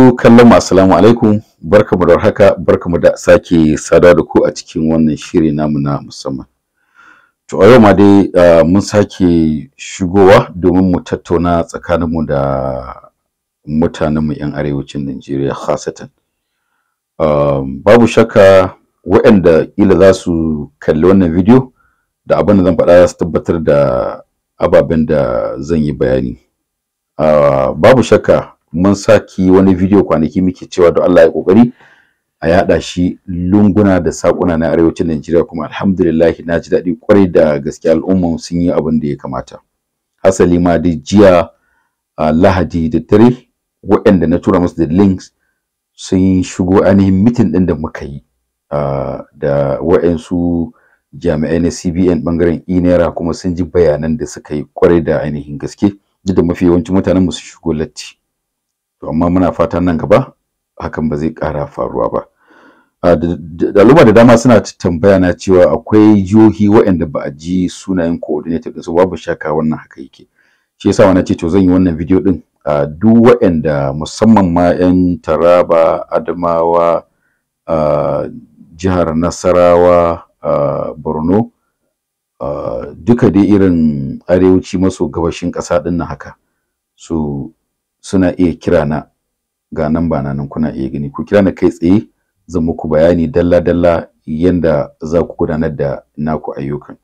masu kallon mu assalamu alaikum barkamu da haka barkamu da sake sada da ku a cikin wannan shiri namu na musamman to a yau ma dai mun sake shigowa domin mu tattauna tsakaninmu da mutanen mutanenmu 'yan arewacin Najeriya khasatan babu shakka waɗanda kila za su kalli wannan bidiyo da abin da zan faɗa za su tabbatar da ababen da zan yi bayani babu shakka mun saki wani video kwanaki muke cewa da Allah ya kokari a yada shi lunguna da sakuna na arewacin Najeriya kuma alhamdulillah na ji daɗi kwarai da gaske al'umma sun yi abin da ya kamata Asali ma da jiya lahadi da tare waɗanda na tura musu da links sun shigo ainihin mitin ɗin da muka yi da waɗansu jami'ai na cbn bangaren inera kuma sun ji bayanan da suka yi kwarai da ainihin gaske duk da mafi yawancin mutanen mu su shigo latti to amma muna fata nan gaba hakan ba zai ƙara faruwa ba al'umma da dama suna tambaya na cewa akwai jihohi waɗanda ba a ji sunayen coordinator din su babu shaka wannan haka yake shi yasa wani ce to zan yi wannan bidiyo din duk waɗanda musamman ma 'yan taraba adamawa jihar nasarawa borno duka dai irin arewaci maso gabashin ƙasa ɗin haka so suna iya kira na ga nan ba nan kuna iya gani ku kira na kai tsaye zan muku bayani dalla dalla yanda za ku gudanar da naku ayyukan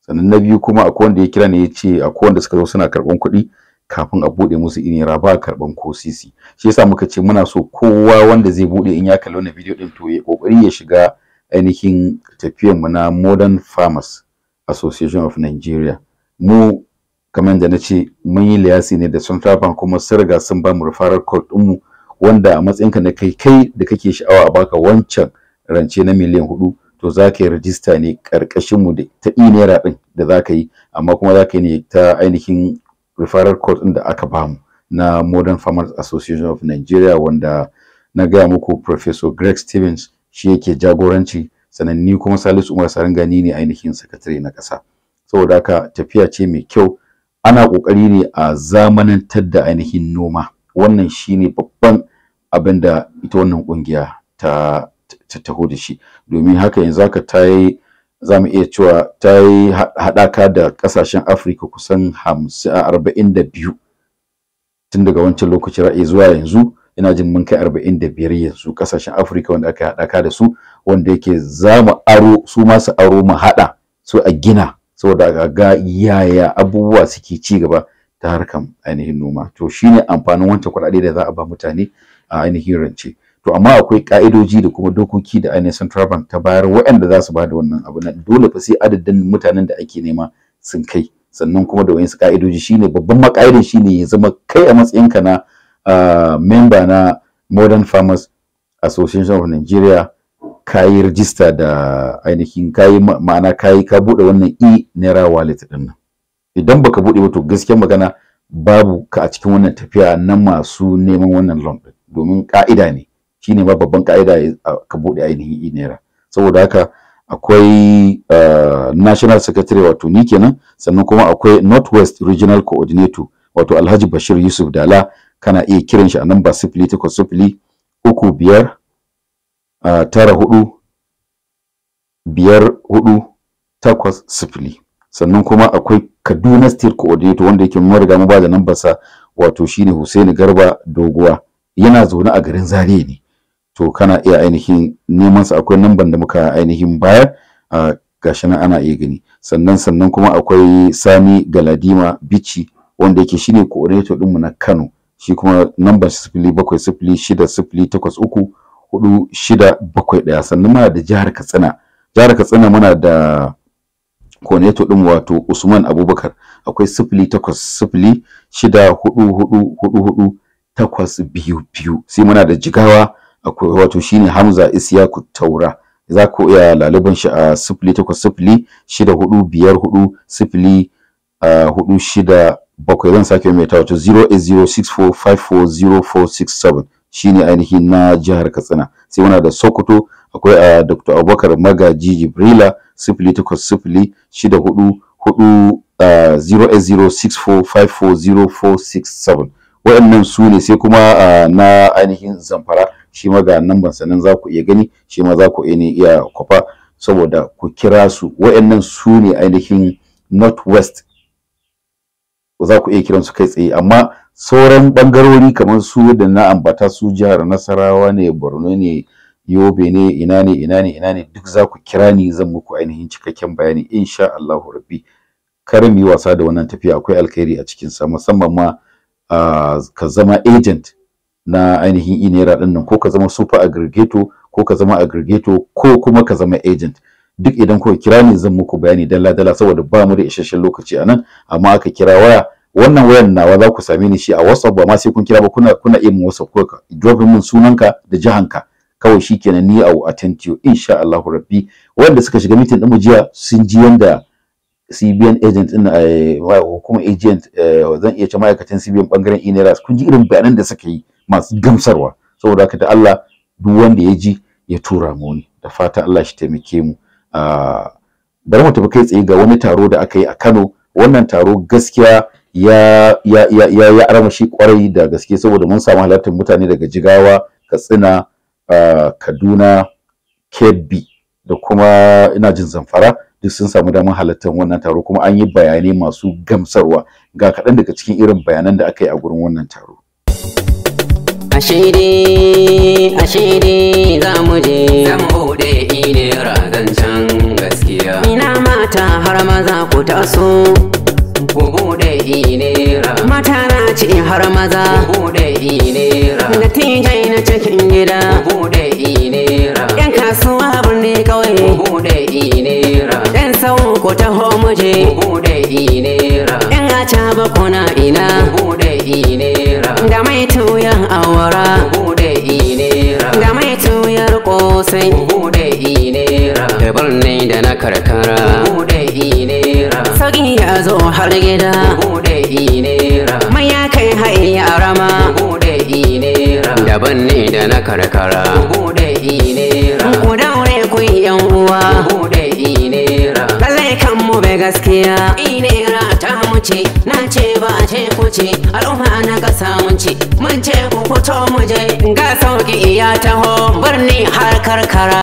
sannan na biyu kuma akwai wanda ya kira ne ya ce akwai wanda suka zo suna karɓan kuɗi kafin a buɗe musu inira ba karɓan ko sisi shi yasa muka ce muna so kowa wanda zai buɗe in ya kalli wannan bidiyo ɗin to ya ƙoƙari ya shiga ainihin tafiyar mu na Modern Farmers Association of Nigeria mu kamar da na ce mun yi liyasi ne da central bank kuma sun riga sun ba mu referral code mu wanda a matsayinka na kai kai da kake sha'awa a baka wancan rance na miliyan hudu to za ka yi rajista ne ƙarƙashin mu da ta i naira ɗin da za ka yi amma kuma za ka yi ne ta ainihin referral code din da aka ba mu na modern farmers association of nigeria wanda na gaya muku professor greg stevens shi yake jagoranci sannan ni kuma salisu umar sarangani ne ainihin sakatare na kasa saboda haka tafiya ce mai kyau ana ƙoƙari ne a zamanantar da ainihin noma wannan shi ne babban abin da ita wannan ƙungiya ta ta taho da shi domin haka yanzu haka ta yi za mu iya cewa ta yi haɗaka da ƙasashen afirka kusan hamsin a arba'in da biyu tun daga wancan lokacin ra'ayi zuwa yanzu ina jin mun kai arba'in da biyar yanzu ƙasashen afirka wanda aka haɗaka da su wanda yake za mu aro su masu aro mu haɗa su a gina saboda ga yaya abubuwa suke ci gaba ta harkan ainihin noma to shine amfanin wancan kuɗaɗe da za a ba mutane a ainihin rance to amma akwai ka'idoji da kuma dokoki da ainihin central bank ta bayar waɗanda za su ba da wannan abu na dole fa sai adadin mutanen da ake nema sun kai sannan kuma da wayansu ka'idoji shine babban maka'idin shine ya zama kai a matsayinka na ah, member na modern farmers association of nigeria kayi register da ainihin kayi ma'ana kayi ka buɗe wannan e naira wallet ɗin nan idan baka buɗe ba to gaskiyar magana babu ka a cikin wannan tafiya na masu neman wannan loan ɗin domin ka'ida ne shine ma babban ka'ida ka buɗe ainihin e naira saboda haka akwai uh, national secretary wato ni kenan sannan kuma akwai northwest regional coordinator wato alhaji bashir yusuf dala kana iya kiran shi a namba sifili takwas uku biyar tara hudu biyar hudu takwas sifili sannan kuma akwai kaduna state coordinator wanda yake mun riga mun ba da nambarsa wato shine Hussein Garba Doguwa yana zaune a garin Zariya ne to kana iya ainihin neman sa akwai namban da muka ainihin baya a gashi nan ana iya gani sannan sannan kuma akwai Sani Galadima Bichi wanda yake shine coordinator din mu na Kano shi kuma sifili, bakwai sifili, shida sifili, takwas uku. hudu shida bakwai daya sannan muna da jihar katsina jihar katsina muna da koneto din wato usman abubakar akwai sifili takwas sifili shida hudu hudu hudu hudu takwas biyu biyu sai muna da jigawa akwai wato shine hamza isyaku taura za ku iya laliban shi a sifili takwas sifili shida hudu biyar hudu sifili hudu shida bakwai zan sake mai ta wato 08064540467 shine ainihin na jihar katsina sai muna da sokoto akwai a ah, dr abubakar magaji jibrila 08064540467 takwas shida hudu hudu ah, su ne sai kuma ah, na ainihin zamfara shi ma ga number sannan za ku iya gani shi ma za ku iya kwafa saboda ku kira su wayannan su ne ainihin northwest za ku iya kiransu kai tsaye amma sauran bangarori kamar su da na ambata su jihar nasarawa ne borno ne yobe ne ina ne ina ne ina ne duk za ku kira ni zan muku ainihin cikakken bayani insha Allah rabbi kar wasa da wannan tafiya akwai alkhairi a cikin sa musamman ma ka zama agent na ainihin inera din nan ko ka zama super aggregator ko ka zama aggregator ko kuma ka zama agent duk idan kuka kira ni zan muku bayani dalla dalla saboda ba mu da isasshen lokaci anan amma aka kira waya wannan wayan nawa za ku same ni shi a WhatsApp ba ma sai kun kira ba kuna kuna iya WhatsApp ko ka drop min sunanka da jihanka kawai shikenan ni a attend you insha Allah rabbi wanda suka shiga meeting din mu jiya sun ji yanda CBN agent din eh, hukumar agent eh, zan iya ce ma'aikatan CBN bangaren Ineras kun ji irin bayanan da suka yi masu gamsarwa saboda haka da Allah duk wanda ya ji ya tura mu ne da fata Allah shi taimake mu ah, bari mu tafi kai tsaye ga wani taro da aka yi a Kano wannan taro gaskiya ya ya armashi kwarai da gaske saboda mun samu halartar mutane daga Jigawa, Katsina, ah, Kaduna, Kebbi da kuma ina jin Zamfara duk sun samu damar halartar wannan taro kuma an yi bayanai masu gamsarwa ga kaɗan daga cikin irin bayanan da aka yi a gurin wannan taro. Ashiri, ashiri za mu je, buɗe gaskiya. Ina mata har maza ku taso. bude inera mata na ci har maza bude inera da tijai na cikin gida bude inera yan kasuwa birni kawai bude inera yan ko ta homuje bude inera yan acaba kuna ina bude inera da mai tuyan awara bude inera da mai tuyar kosai bude inera da birni da na karkara bude inera sauki ya zo har gida bude inera manya kai hai yara ma bude inera daban ne da na karkara bude inera ku daure ku yan uwa bude inera lallai kan mu bai gaskiya inera ta muce ce na ce ba ce ku ce al'umma na kasa mun ce mun ce ku fito mu je ga sauki ya taho birni har karkara